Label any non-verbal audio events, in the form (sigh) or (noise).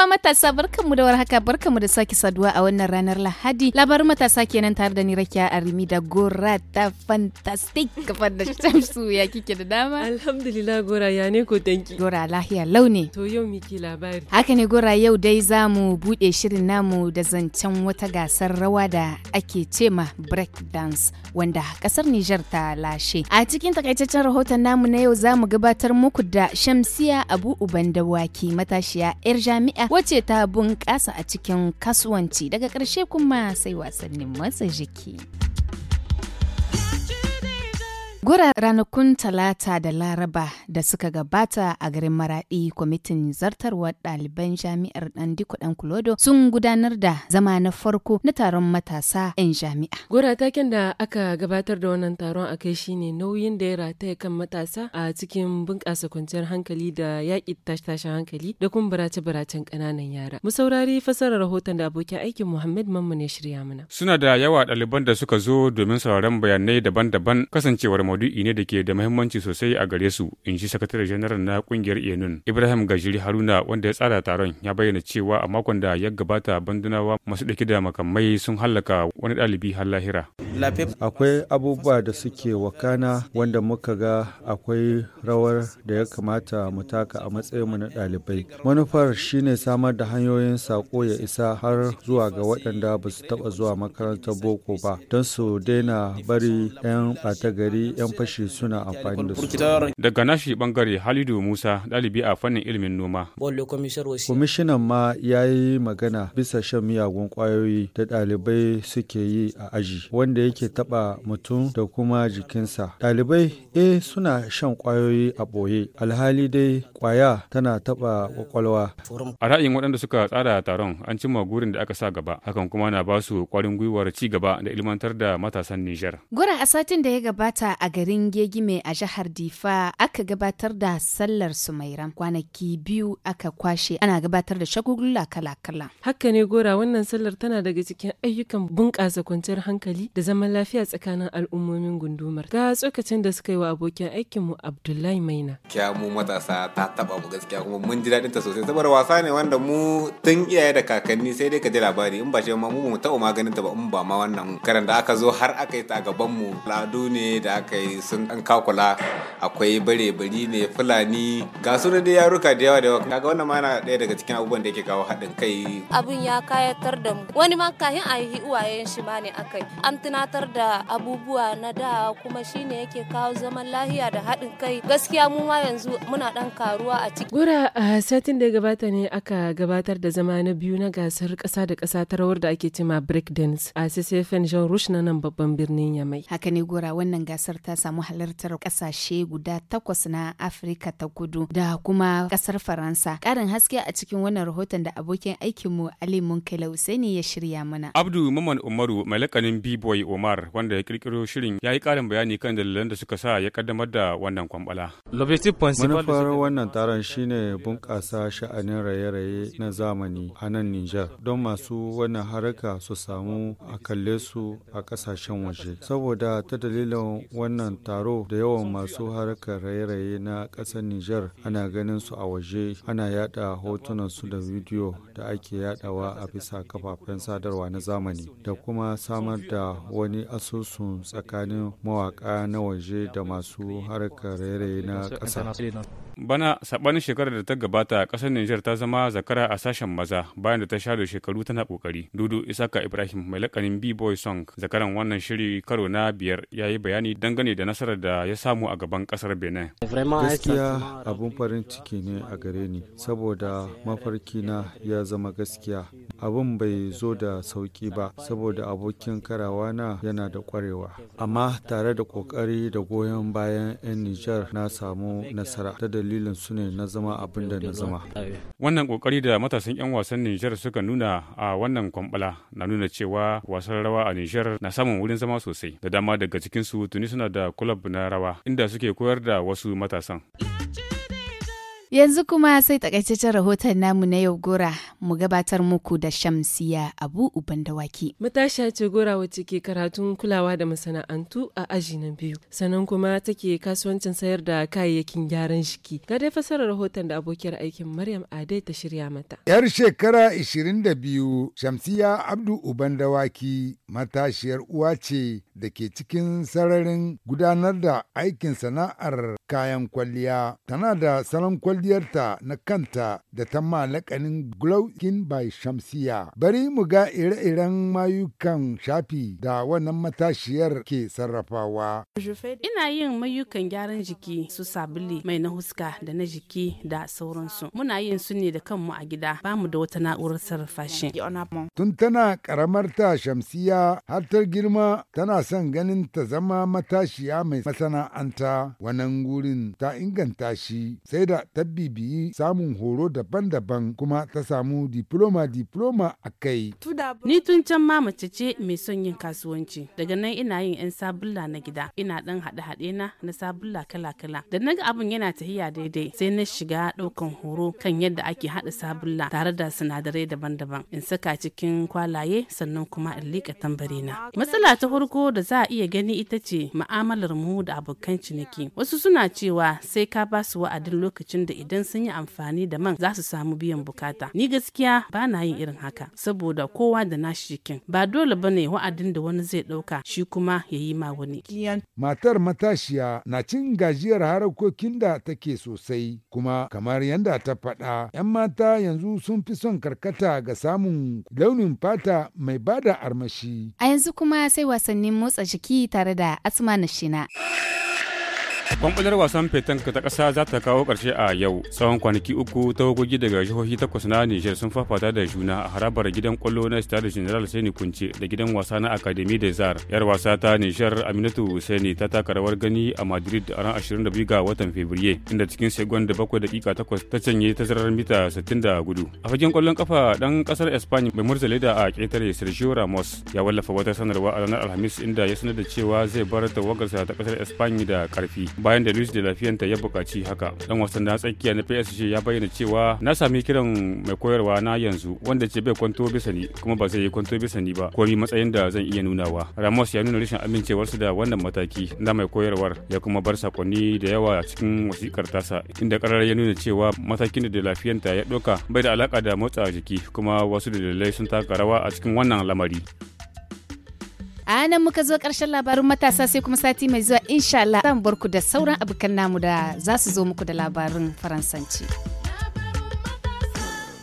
uwa matasa barkanmu da warhaka barkanmu da sake saduwa a wannan ranar Lahadi. Labarin matasa kenan tare da ni Rakiya Arimi da Gora ta fantastic kafar da Shamsu (laughs) ya kike da dama. Alhamdulillah Gora ya ne ko tanki. Gora lahiya launi. To yau miki labari. Haka ne Gora yau dai za mu buɗe shirin namu da zancen wata gasar rawa da ake cema break dance wanda kasar Nijar ta lashe. A cikin takaitaccen rahoton namu na yau za mu gabatar muku da Shamsiya Abu Uban matashiya 'yar jami'a wacce ta bunƙasa a cikin kasuwanci daga ƙarshe kuma sai wasannin matsa jiki. Gura ranakun Talata da Laraba da suka gabata a garin Maraɗi kwamitin zartarwar ɗaliban jami'ar diko ɗan Kulodo sun gudanar da zama na farko na taron matasa 'yan jami'a. Gura taken da aka gabatar da wannan taron a kai shine nauyin da ya rataya kan matasa a cikin bunƙasa kwanciyar hankali da yaƙi tashe-tashen hankali da kuma barace-baracen ƙananan yara. Mu saurari fasarar rahoton da abokin aikin Muhammad Mamman ya shirya mana. Suna da yawa ɗaliban da suka zo domin sauraron bayanai daban-daban kasancewar maudu'i ne da ke da muhimmanci sosai a gare su in ji sakatare janaral na kungiyar enun ibrahim gajiri haruna wanda ya tsara taron ya bayyana cewa a makon da ya gabata bandunawa masu dauke da makamai sun hallaka wani ɗalibi har lahira Akwai abubuwa da suke wakana wanda muka ga akwai rawar da ya kamata mu taka a matsayin mu na ɗalibai. Manufar shine samar da hanyoyin sako ya isa har zuwa ga waɗanda ba su taɓa zuwa makarantar boko ba don su daina bari 'yan ɓata gari 'yan fashi suna amfani da su. Daga nashi bangare Halidu Musa ɗalibi a fannin ilimin noma. Kwamishinan ma ya yi magana bisa shan miyagun kwayoyi da ɗalibai suke yi a aji wanda yake taɓa mutum da kuma jikinsa. Ɗalibai eh suna shan ƙwayoyi a ɓoye, alhali dai ƙwaya tana taɓa ƙwaƙwalwa. A ra'ayin waɗanda suka tsara taron an cimma gurin da aka sa gaba, hakan kuma na ba su ƙwarin gwiwar ci gaba da ilmantar da matasan Nijar. Gurin a satin da ya gabata a garin Gegime a jihar Difa aka gabatar da sallar Sumairam kwanaki biyu aka kwashe ana gabatar da shagulgula kala-kala. Haka ne gora wannan sallar tana daga cikin ayyukan bunƙasa kwanciyar hankali da zaman lafiya tsakanin al'ummomin gundumar. Ga tsokacin da suka yi wa abokin aikinmu Abdullahi Maina. Kya mu matasa ta taba mu gaskiya kuma mun ji daɗin ta sosai saboda wasa ne wanda mu tun iyaye da kakanni sai dai ka ji labari in ba shi ma mu taɓa maganin ta ba in ba ma wannan karan da aka zo har aka yi ta gaban mu. Ladu ne da aka yi sun an kakula akwai bare bari ne fulani ga su dai yaruka da yawa da yawa kaga wannan ma yana ɗaya daga cikin abubuwan da yake kawo haɗin kai. Abun ya kayatar da mu wani ma kahin a yi uwayen shi ma ne akai an tuna tunatar da abubuwa na da kuma shine yake kawo zaman lahiya da haɗin kai gaskiya mu ma yanzu muna ɗan karuwa a ciki. Gura a satin da gabata ne aka gabatar da zama na biyu na gasar kasa da ƙasa ta rawar da ake cema break dance a CCFN Jean Rouge na nan babban birnin Yamai. Haka ne gura wannan gasar ta samu halartar kasashe guda takwas na Afirka ta kudu da kuma kasar Faransa. Ƙarin haske a cikin wannan rahoton da abokin aikinmu Ali Munkaila Usaini ya shirya mana. Abdu Maman Umaru mai lakanin B-boy Omar wanda ya kirkiro shirin ya yi ƙarin bayani kan dalilan da suka sa ya kaddamar da wannan kwambala. Manufar wannan taron shine bunƙasa sha'anin raye-raye na zamani a nan Nijar don masu wannan haraka su samu a kalle su a ƙasashen waje. Saboda ta dalilin wannan taro da yawan masu harkar raye-raye na ƙasar Nijar ana ganin su a waje ana yada hotunan su da bidiyo da ake yadawa a bisa kafafen sadarwa na zamani da kuma samar da wani asusun tsakanin mawaka na waje da masu harkar rairayi na ƙasa. Bana saɓan shekarar da ta gabata ƙasar Nijar ta zama zakara a sashen maza bayan da ta share shekaru tana ƙoƙari. Dudu Isaka Ibrahim mai lakanin B-Boy Song zakaran wannan shiri karo na biyar ya yi bayani dangane da nasarar da ya samu a gaban ƙasar Benin. Gaskiya abun farin ciki ne a gare ni saboda mafarki na ya zama gaskiya. Abun bai zo da sauki ba saboda abokin karawa na yana da kwarewa amma tare da kokari da goyon bayan 'yan nijar na samu nasara ta dalilin su ne na zama abin da na zama wannan kokari da matasan 'yan wasan nijar suka nuna a wannan kwambala na nuna cewa wasan rawa a nijar na samun wurin zama sosai da dama daga cikinsu tuni suna da kulab na rawa inda suke koyar da wasu matasan Yanzu kuma sai takaitaccen rahoton namu na yau gora mu gabatar muku da Shamsiya Abu Uban Dawaki. Matasha ce gora wacce ke karatun kulawa da masana'antu a aji na biyu. Sannan kuma take kasuwancin sayar da kayayyakin gyaran jiki. Ga dai fasarar rahoton da abokiyar aikin Maryam Adai ta shirya mata. Yar shekara 22 Shamsiya Abdu Uban Dawaki matashiyar uwa ce da ke cikin sararin gudanar da aikin sana'ar kayan kwalliya. Tana da salon kwalliya kwalliyarta na kanta da ta malakanin Glowing by Shamsiya. Bari mu ga ire-iren mayukan shafi da wannan matashiyar ke sarrafawa. Ina yin mayukan gyaran jiki su sabili mai na huska da na jiki da sauransu. Muna yin su ne da kanmu a gida, ba mu da wata na'urar sarrafa shi. Tun tana karamar ta Shamsiya har ta girma tana son ganin ta zama matashiya mai masana'anta wannan gurin ta inganta shi sai da ta bibiyi samun horo daban-daban kuma ta samu diploma diploma a kai. Ni tun can ma mace ce mai son yin kasuwanci. Daga nan ina yin 'yan sabulla na gida. Ina dan haɗe-haɗe na na sabulla kala-kala. Da na ga abin yana tahiya daidai sai na shiga ɗaukan horo kan yadda ake haɗa sabulla tare da sinadarai daban-daban. In saka cikin kwalaye sannan kuma in liƙa tambari na. Matsala ta farko da za a iya gani ita ce mu'amalar mu da abokan ciniki. Wasu suna cewa sai ka ba su wa'adin lokacin da idan sun yi amfani da man za su samu biyan bukata ni gaskiya ba na yin irin haka saboda kowa da nashi jikin ba dole ba ne wa'adin da wani zai ɗauka shi kuma ya yi ma wani matar matashiya na cin gajiyar harakokin da take sosai kuma kamar yadda ta faɗa 'yan mata yanzu sun fi son karkata ga samun launin fata mai bada armashi a yanzu kuma sai wasannin motsa jiki tare da asma na shina. Kwamfanar wasan petanka ta ƙasa za ta kawo ƙarshe a yau. Tsawon kwanaki uku ta hukuki daga jihohi takwas na Nijar sun fafata da juna a harabar gidan kwallo na Stade General Seni Kunce da gidan wasa na Academy de Zar. Yar wasa ta Nijar Aminatu Saini ta taka rawar gani a Madrid a ran 22 ga watan Fabrie, inda cikin segon da bakwai daƙiƙa takwas ta canye tazarar mita 60 da gudu. A fagen kwallon kafa ɗan ƙasar Espany mai murzale da a ƙetare Sergio Ramos ya wallafa wata sanarwa a ranar Alhamis inda ya sanar da cewa zai bar tawagarsa ta ƙasar Espany da ƙarfi. bayan da luis de lafiyanta ya bukaci haka dan wasan da tsakiya na psg ya bayyana cewa na sami kiran mai koyarwa na yanzu wanda ce bai kwanto bisa ni kuma ba zai yi kwanto bisa ni ba komi matsayin da zan iya nunawa ramos ya nuna rashin amincewar su da wannan mataki na mai koyarwar ya kuma bar sakonni da yawa a cikin wasikar tasa inda karar ya nuna cewa matakin da lafiyanta ya doka bai da alaka da motsa jiki kuma wasu da dalilai sun taka rawa a cikin wannan lamari a nan muka zo karshen labarin matasa sai kuma sati mai zuwa insha Allah zan bar ku da sauran abokan namu da za su zo muku da labarin faransanci.